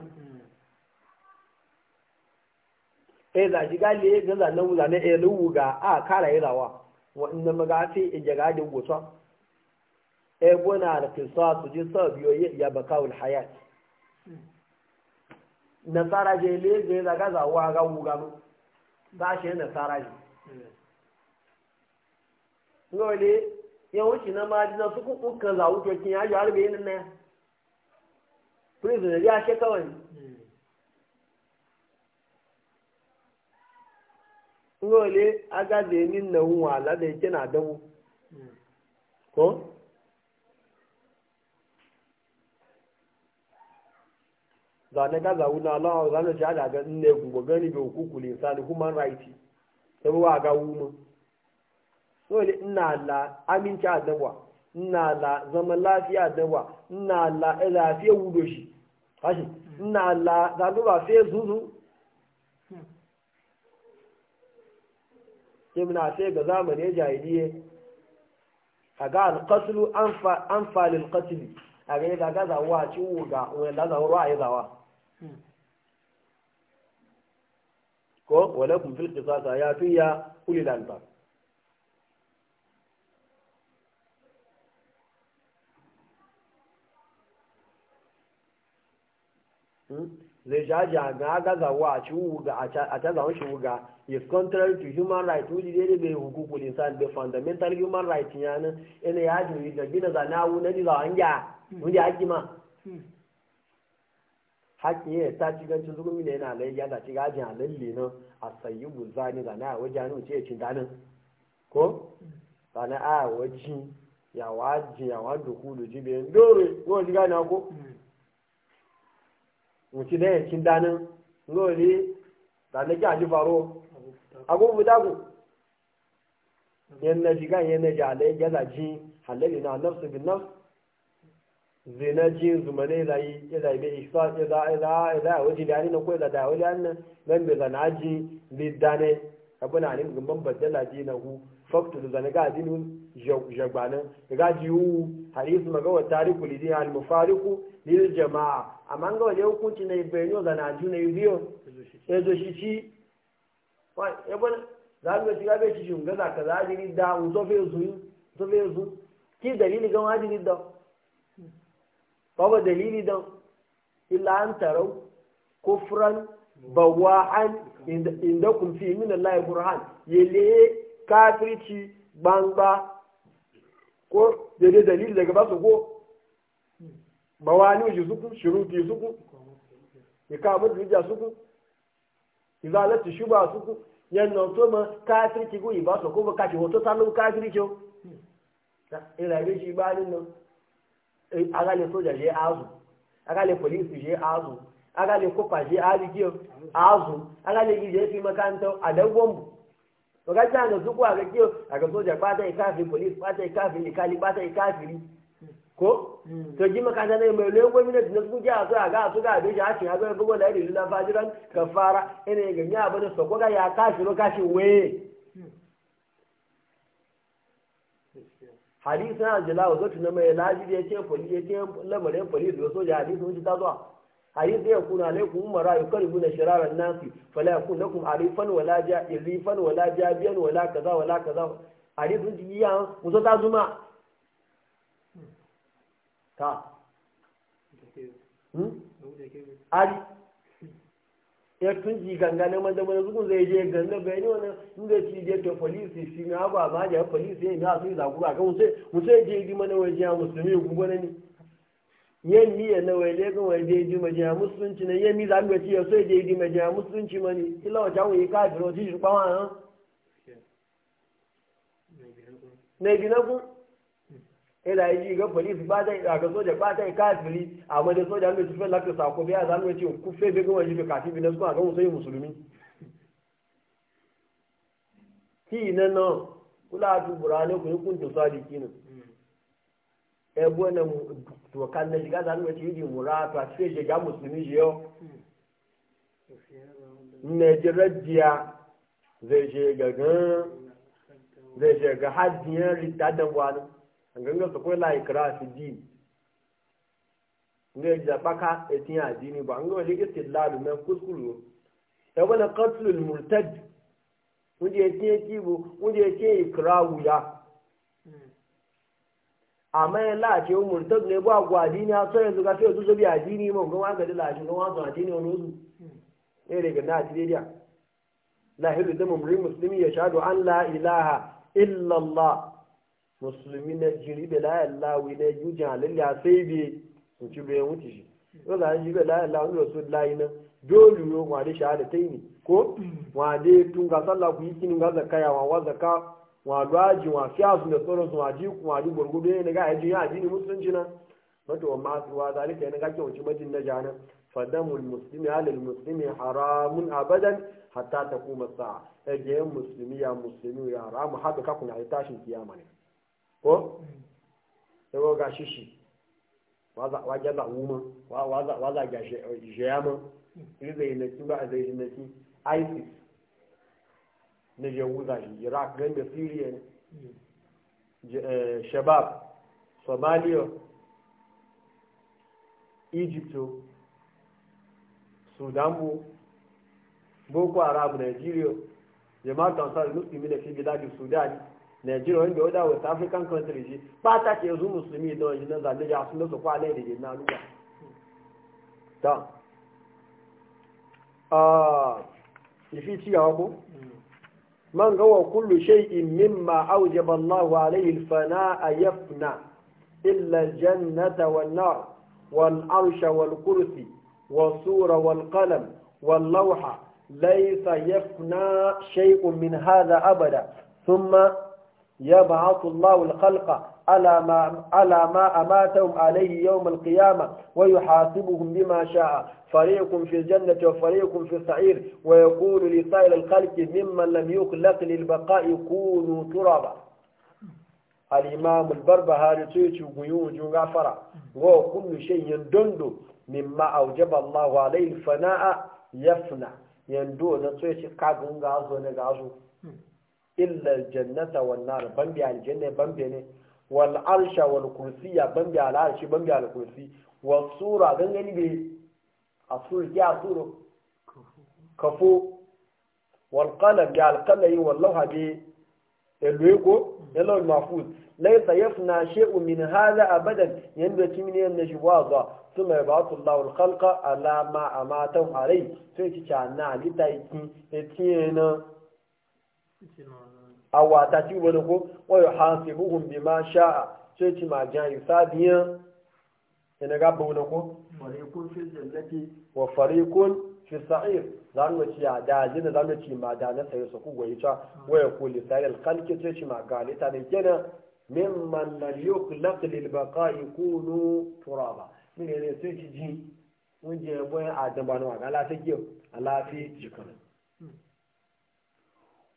e eh, za shi gale eh, ga zanen wuza na elu eh, ga a kara yi rawa wa'annan ce in jaga da gusa e gona da kisa su ji sa biyo ya baka wal hayat nasara je le ga zaga za wa ga wuga mu ba shi nasara je ngole yawon shi na majina su kuka za wuce kin ya ji harbe yin nan prison ya ce kawai hmm. ngole aga da emi na nwa ala da yake na dawo zane da ne ga zawo na ala za ne ja daga ne gugu gani be hukuku le na human right ebe wa aga wuma ngole nna la aminci adawa nna la zama lafiya adawa nna la lafiya wudo shi kashi mm. nna la da ba zuzu sai muna sai ga zamani jahiliye a ga alƙasulu an falin ƙasili a ga yaga ga zawa ci wuga wani da zawa ruwa ya zawa ko wale kun fil kisasa ya fi ya kuli lalba Hmm? zai jaja ga gazawa a ciwuga a tazawon shiwuga is contrary to human rights wuji daidai bai hukuku insan the fundamental human rights yanin ina ya jiri da gina zanawu na jiza wanja wuji haƙi ma hmm. haki ne ta ci gancin zugumi ne yana layya da ci gajin a lalle nan a sayi buzani zana a wajen hannun ce cin danin ko hmm. zana a wajen yawa jin yawa dukulu jibin dore ko wajen gane ko hmm. wuci da cin danin lori da na gyaji faro agogo dago yan na jigan yan na jalai yana ji halali na nafsu bin nafs zina ji zumane zai ya zai bai isa ya za ya za ya za waje da ni na koyi da waje an nan nan bai zana ji lidane abuna ne gumban baddala ji na hu faktu da ga dinu jagbanan ga jiwu hadisi magawa tariku lidin al-mufariku lil jama'a amma ga waje hukunci na ibrahim da na ju na yuriyo ezo shi ci wa ebon za mu shiga be ci shunga za ka zaji da un so fe zu so fe ki dalili ga waji da ba dalili da illa an tarau kufran bawa'an inda kun fi min Allah burhan yele kafirci gbangba ko daidai dalili daga ba su ko mawani uji suku shiruti suku ikamu duja suku izalati zuku suku yanna to ma kafirci go iba so ko ba kashi hoto sanu kafirci o ila shi ba ni no eh, aga soja je azu aga polisi police je azu aga le kopa je azu aga le gije fi makanto wakati ga zuku aga kiyo aga soja bata ikafi police bata ikafi likali bata ikafi ko to ji maka da ne mai lewo mi da dinan ku ja so aga so ga be ja ci aga bugo la ri la fajiran kafara ene ga nya ba da soko ya kashi ro kashi we hadisi na jalawa zo tuna mai laji ya ce police ya ce lamarin police da soja hadisi mun ta zuwa ayi zai yakuna alaikum umara yukaribuna shiraran nasi fala yakun lakum arifan wala ja'irifan wala jabiyan wala kaza wala kaza arifun jiya musa ta zuma ta ari ya tun ji ganga na manda mana zukun zai je ganga bayani wani in zai ci je ta polisi shi na ba ma ja polisi ya ga su zakura ga mun sai mun sai je di mana waje musulmi gugu ne yemi ya na wele ga wele ji majiya musulunci ne yemi za mu ci yaso je ji majiya musulunci mani kila wata wuyi ka duro ji shi kwawa ha Na ibi na ku ila eh, yi ga polisi ba ta ga ga soja ba ta ka fili amma da soja mai tufe la ka sako biya za mu ci ku fe be ga wani be kafi bi na su ga musulmi musulmi ki na no kula tu burane ku kun to sadiki ne ẹgbẹ́ na tọ̀ka na ṣìgá sanu wẹ̀ ṣìgá ìmúra tó àti ṣe ṣìgá mùsùlùmí ṣe ọ́ nàìjíríà díà zai je ga zai ṣe ta ha díẹ̀ rí dáadáa wà ní àgbẹ̀ngà sọ̀kọ́ ìlà ìkìrà àti díì nga ya baka etin addini ba nga wali istidlal na kuskuru ya wala qatlul murtad wuje yake kibo wuje yake ya amma ya lafi yau murtad ne ba gwadi a so yanzu ga sai zuzo a dini ma, ga wanga da lafi ga wasu a hmm. eh, dini wani zu ne da na a cire diya lahiru da muri musulmi ya shahadu an la ilaha illallah. Musulmi na jiri da la ilaha wi jin juja lalla sai bi su ci be wuce shi hmm. za a ji be la ilaha wa rasulullahi na dole yo wa da ta yi ne ko hmm. wa tun ga sallah ku yi kini, ga zakaya wa wa zakka wa lwaji wa fiya su da tsoron su wa ji kuma ji gurgudu ne ga yaji ya ji ni musulunci na wato ma su wa zalika yana ga kyauci majin da jana fadamul muslimi alal muslimi haramun abadan hatta ta kuma sa ege musulmi ya muslimi ya haramu haka ka kuna tashin kiyama ne ko sai ga shishi wa ga za wuma wa za ga jeyama yi na ba zai na isis na yahuda shi iraq gan da syria eh, shabab somalia Egypt, sudan bu boko haram nigeria jama'at ansar Musulmi, da fi biladi sudan nigeria wanda dawo west african country shi ta ke yanzu musulmi da wajen nan zane ya sun nasu kwalai da jina nuna ta ah, ifi ci gaba ko mm. من هو كل شيء مما أوجب الله عليه الفناء يفنى إلا الجنة والنار والعرش والكرسي والصورة والقلم واللوحة ليس يفنى شيء من هذا أبدا ثم يبعث الله الخلق على ما أماتهم عليه يوم القيامة ويحاسبهم بما شاء فريق في الجنة وفريق في السعير ويقول لسائر الخلق ممن لم يخلق للبقاء كونوا ترابا الإمام البربهاري تيتي قيون جغفرة وكل شيء يندند مما أوجب الله عليه الفناء يفنى يندو نتيتي كاغون غازو نغازو إلا الجنة والنار بمبي الجنة بمبي wal arsha wal kursi ya ban bi al arshi ban bi al kursi wa sura gangani be asur ya suru kafu wal qalam ya al qalam wal lawha bi elwego yalo e mafuz laysa yafna shay'un min hadha abadan yanda kimini yan najwaza thumma yab'athu Allahu al khalqa ala ma amatahu alayhi sai ci cha na litaiki etiyena a wata ci wani ko wayo bi ma sha'a sai ci ma jan yusabiyan ina gaba wani ko fariqun fi jannati wa fariqun fi sa'ir mu ci ya da jin mu ci ma da sai su ku goyi ta hmm. waya ko li sa'il khalqi sai ci ma galita ne kenan mimman na yuqlaq lil baqa'i kunu turaba min ne sai ci ji mun je boyan adam ba no ga lafiya lafiya jikan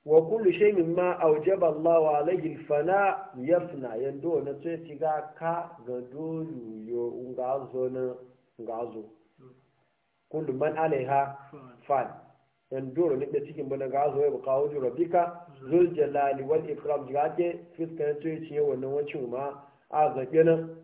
wa kullu shay min ma awjaba Allah alayhi fana yafna yando na sai tiga ka ga dolu yo nga zo na nga zo kullu man alaiha fan yando ne da cikin bana ga zo ya kawo ju rabbika zul jalali wal ikram ga ke fiska ya tsaye ciye wannan wacin ma a zabe nan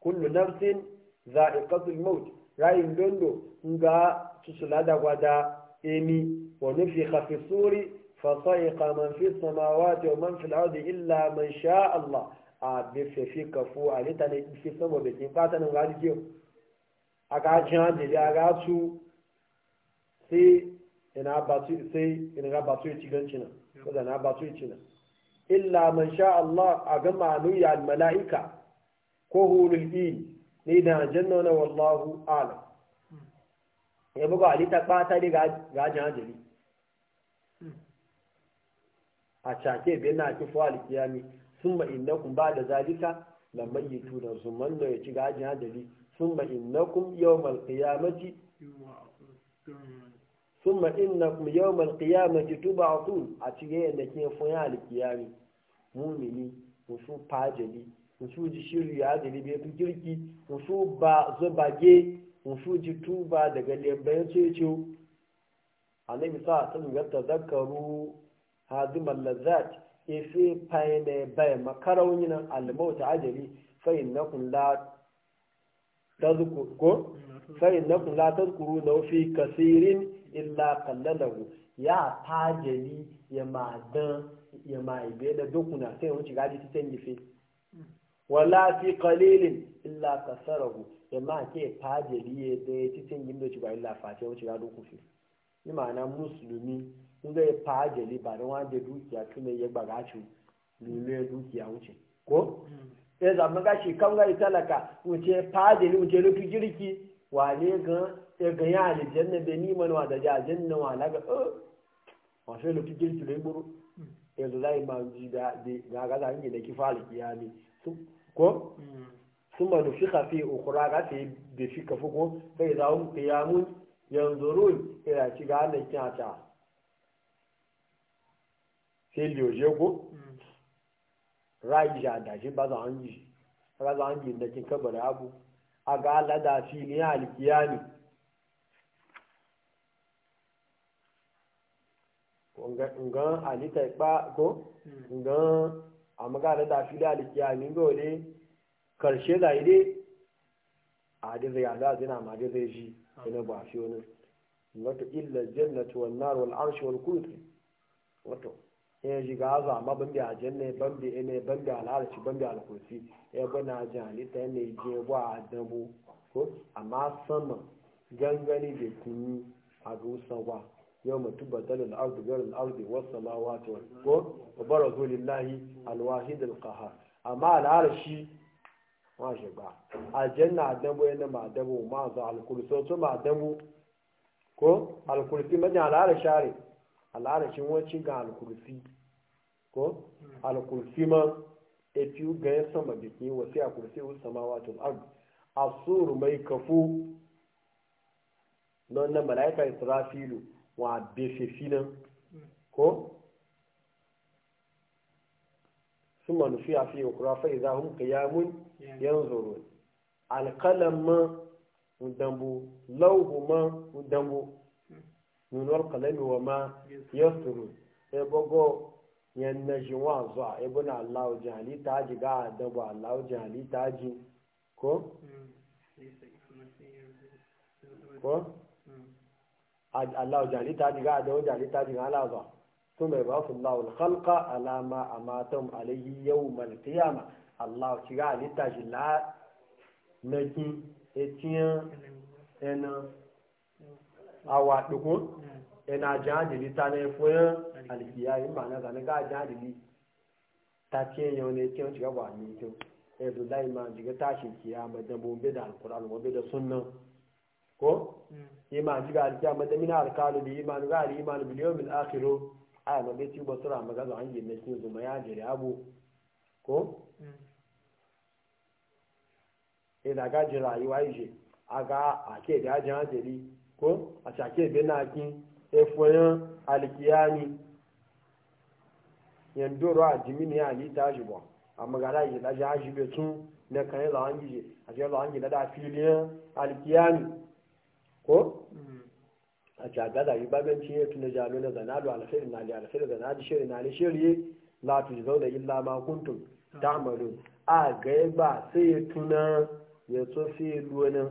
kullu nafsin za'iqatul maut rayin dondo nga tusulada gwada emi ونفخ في الصور فصيق من في السماوات ومن في الأرض إلا من شاء الله أبف آه، في كفو أليتا في السماء بسين فاتنا غادي جيو أكا جان جي أكا تسو سي إن أباتو سي إن أباتو يتغن شنا وذا إن أباتو يتغن إلا من شاء الله أجمع نويا الملائكة كهو الإيل نيدا جنة والله أعلم يبقى علي تقبع تالي غاجة هانجلي a cake bai na ki fuwa alkiyami sun ma innakum ba da zalika lam mayyitu da zuman da ya ci gaji hadari sun ma innakum yawmal qiyamati sun ma innakum yawmal qiyamati tub'atun a ga yanda ke fuwa alkiyami mumini musu fajali musu ji shiru ya hadari bai fi kirki musu ba zubage musu ji tuba daga lebayan ce ce annabi sa sun ga tazakkaru hazimar lazat ya fi fayina bai makaraunin almauta ajali fa'in na kun la tazkuru na fi kasirin illa kallalahu ya tajali ya ma dan da dokuna sai wuce gaji ta can gife wala fi qalilin illa kasarahu ya ma ke tajali ya da ta can gindo ci ba illa fa sai wuce ga dokufi ni ma'ana musulmi nga zai fa jeli ba don wanda dukiya tuna ya bagacu lulu dukiya wuce ko mm. ya zama gashi kan gari talaka wuce fa jeli wuce lutu jirki wale ga ya ga ya aljanna da ni manwa da jajanna wala ga eh oh. wasu lutu jirki lai buru mm. yanzu zai ma ji da ga ga zan yi da kifali kiyami ko mm. sun ma nufi kafi ukura ga ta yi da shi kafi ko sai za mu kiyamun yanzu ruwan ya ci ga hannun kyata sai liyoje ko mm. rayu shi a ba za a hangi ba za a hangi da kin kabar abu a ga alada fili a alkiya ne ngan alita ipa ko mm. ngan a maga alada fili alkiya ne ga wani karshe da ide a hadisa ya za a zina ma hadisa shi ina ba shi wani wato illa jannatu wan nar wal arsh wal kursi wato ya shiga azu amma ban da ajen ne ban da ne ban da al'arci ban da alkursi ya bana ajin halitta ya ne je ba a dabo ko amma sama gangani da kunyi a rusa wa yau mutu badal arzu gar arzu wasu ko a ko zoli barazu lillahi alwahid alqahar amma al'arshi ma shiga aljanna dabo yana ma dabo ma za alkursi to ma dabo ko alkursi majin are al'arashin wacin ga alkursi ko hmm. alkursi ma e fi ganin sama jiki wasu a kursi wasu samawa tun ard asuru mai kafu don na malaika israfilu wa befefi nan hmm. ko ثم نفيع في أخرى فإذا هم قيام ينظرون القلم ما ندمو لوه ما ندمو من القلم وما يسرون يبقى yan na shi wa zuwa ibn Allah jihali ta ji ga adabu Allah jihali ta ji ko? ko? Allah jihali ta ji ga adabu jihali ta ji ga Allah zuwa sun ba su Allah halka alama a matan alayhi yau malkiyama Allah ci ga halitta shi la na ki etiyan ena awa dukun? ina jahajili ta na fun alikiya yi ma na zane ga jahajili ta ce ya ne ce shiga ba ya zo dai ma jiga tashin kiya ma da bombe da alquran wa da sunna ko hmm. ima jiga alkiya ma da ya alkalu bi iman hmm. ga iman bil yawm al ma an ya ko da ga jira yi wa yi je aga ake da ko a na kin efoyan alkiyani doro a jimini a ni tashi ba a magana yi da ya shi betu na kan yi zawon gije a ce zawon gije da filiyan alikiyani ko mm-hmm. a ce a gada yi babanci ya tuna jalo na zanalo alkhairu na ali alkhairu da na ali shirin na ali shirin la tu zauna illa ma kuntum ah. ta'malun a ga ba sai ya tuna ya tsofi luwanin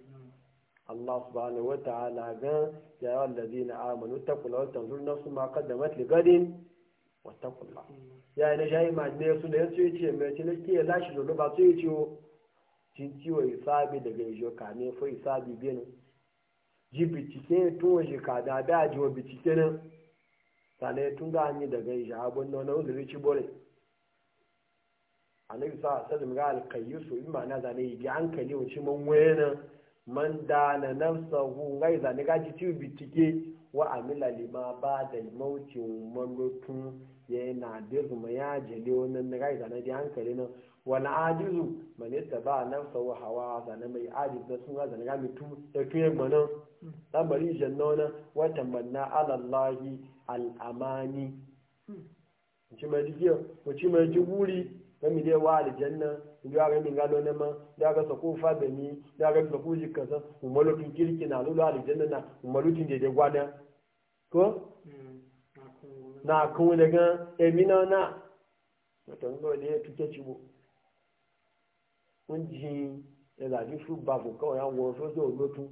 Allah subhanahu wa ta'ala ga ya yawan da zina amanu ta kula wata zurna su ma kada matli gadin wata kula ya yi na shayi ma ne su da ya su ce mai ci na ke lashi zolo ba su yi ciwo cin ciwo isabi daga ijo ka ne fa isabi biyan ji bincike tun waje ka da da ji wa bincike nan sanai tun ga hanyi daga ijo abun nan na wanda zai ci bore a nan sa sadin ga alkayyusu in ma na zane yi bi hankali wacce man waye nan man dana hu ngai za ne gaji ci bitike wa amila lima ba da mauci malutu yana ma ya jele wannan ne gaji na di hankali na wal ajizu man nafsa hu hawa za ne mai ajizu da sun ga ne ga mitu da tuye gbanan lamari jannona wa tamanna ala allahi al amani hmm. ci mai dikiyo ko ci mai jiburi da mi dai wa aljanna ya ga min gano na ma ya ga sako fa da ni ya ga sako ji kasa, umalu kirki na lulu aljanna na umalu tun da gwada ko na kun ga emina na to ngo ne tuke cibo kun ji ya da ji fu babu ko kawai an wo so so lotu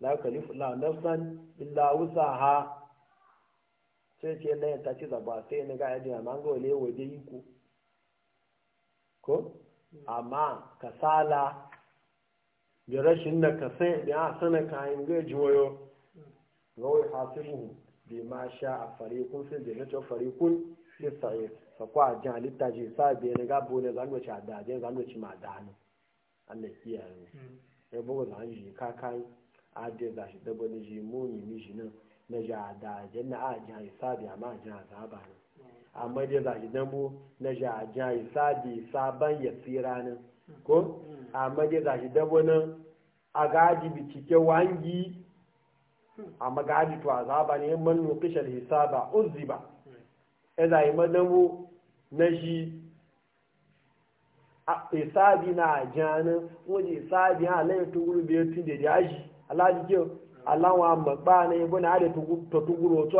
la kalifu la nafsan illa ha, sai ce na ta ci zaba sai ne ga ya ji ne waje yi ko amma kasala da rashin na kasai da ya sana kayan gaji wayo ga gawai hasibu bai ma sha a farikun sai da nato farikun lissaye sakwa a jan halitta ce sa biya na gabo na zanwaci a dajen zanwaci ma dani allah kiyaye hmm. ya bugu da hanji kakai a da za shi dabo na ji muni mishi nan na ja a daji na a jan halitta biya ma jan azaba ne amma dai za a mu na jaja isa bi sabon ya tsira nan ko amma dai za shi dambo nan a gaji bicike wangi a magaji to zaba ne man nukishar hisaba ba ya za yi madambo na shi isabi e na janin wani isabi a e lai tunguru biyar tun da jaji alhaji kyau alawa magba na yi na ada ta tunguru otu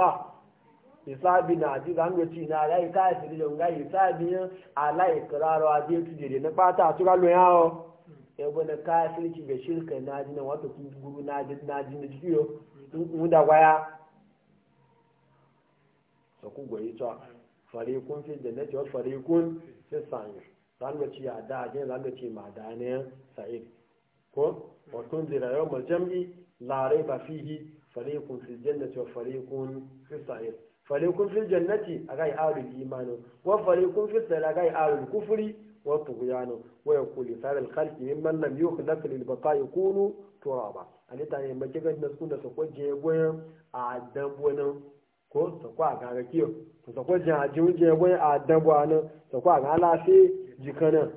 hisabi na aji za mu ci na rai ka fi da ngai hisabi ala ikraro aji tu jere na pata tu ga lo o e bona ka fi ci be shirka na ji na wato ku guru na ji na ji ni jiyo mu da waya so ku goyi to kun fi jannati fari kun fi sa'ir zan mu da ada aji zan ma ci madane sa'id ko wa tunzira yawmal jam'i la rayba fihi kun fi jannati wa kun fi sa'ir falikun fil jannati a gai aru imanu wa falikun fil sai a gai aru kufuri wa tuhyanu wa ya kuli sarar kalki min man lam yuk lakali da baka yi kunu turaba a ne tare mace gan da sun da sakwa jegoyi a dabbonin ko sakwa a gara kiyo ta sakwa jegoyi a dabbonin sakwa a gara fi jikanin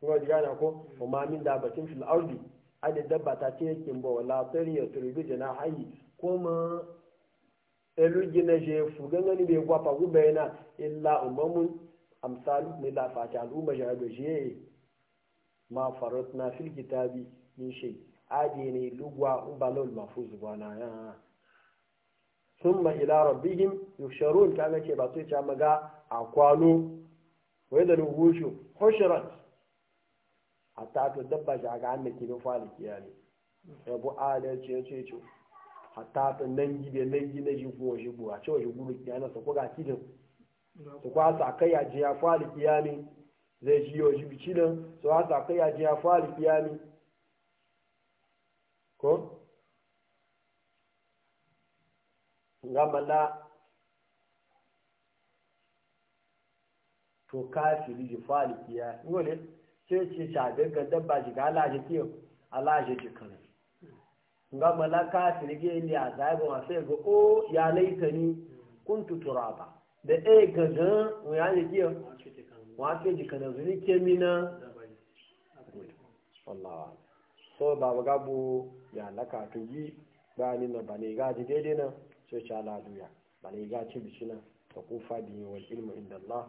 kuma jikanin ko ma min da batun fil ardi adi dabba ta ce yakin ba wala tsari ya turbi jana hayi kuma eluji na je fugan gani bai gwafa gube yana illa umamu amsalu ne la fata al'umma jara da je ma farot na fil kitabi min shay adi ne lugwa umbalol mafuz bana ya summa ila rabbihim yusharun kaga ce ba sai ta maga akwalo wai da lugushu hushrat a tato dabba shi a ga hannun kibin fali kiyami rabu adalci ya ce ce a tato nan gibe nan gi na jifu wa jibu a cewa jibu da kiyana su kuga kidin su kwasa kai a jiya fali kiyami zai ji yau jibi cinin su kwasa kai a jiya fali kiyami ko gamala to kafiri ji fali kiyami sai ce shagar ga dabba shiga alashe kiyo alashe jikana ga malaka sirge ne a zaɓin sai ga o ya laita ni kuntu turaba da e gaga ya ne kiyo wasu jikana zuri kemina wallawa so ba ba gabo ya laka ta yi ba bayani na ba ne gaji daidai na sai sha laduya ba ne gaji bishina ta kufa biyu wal ilmu inda Allah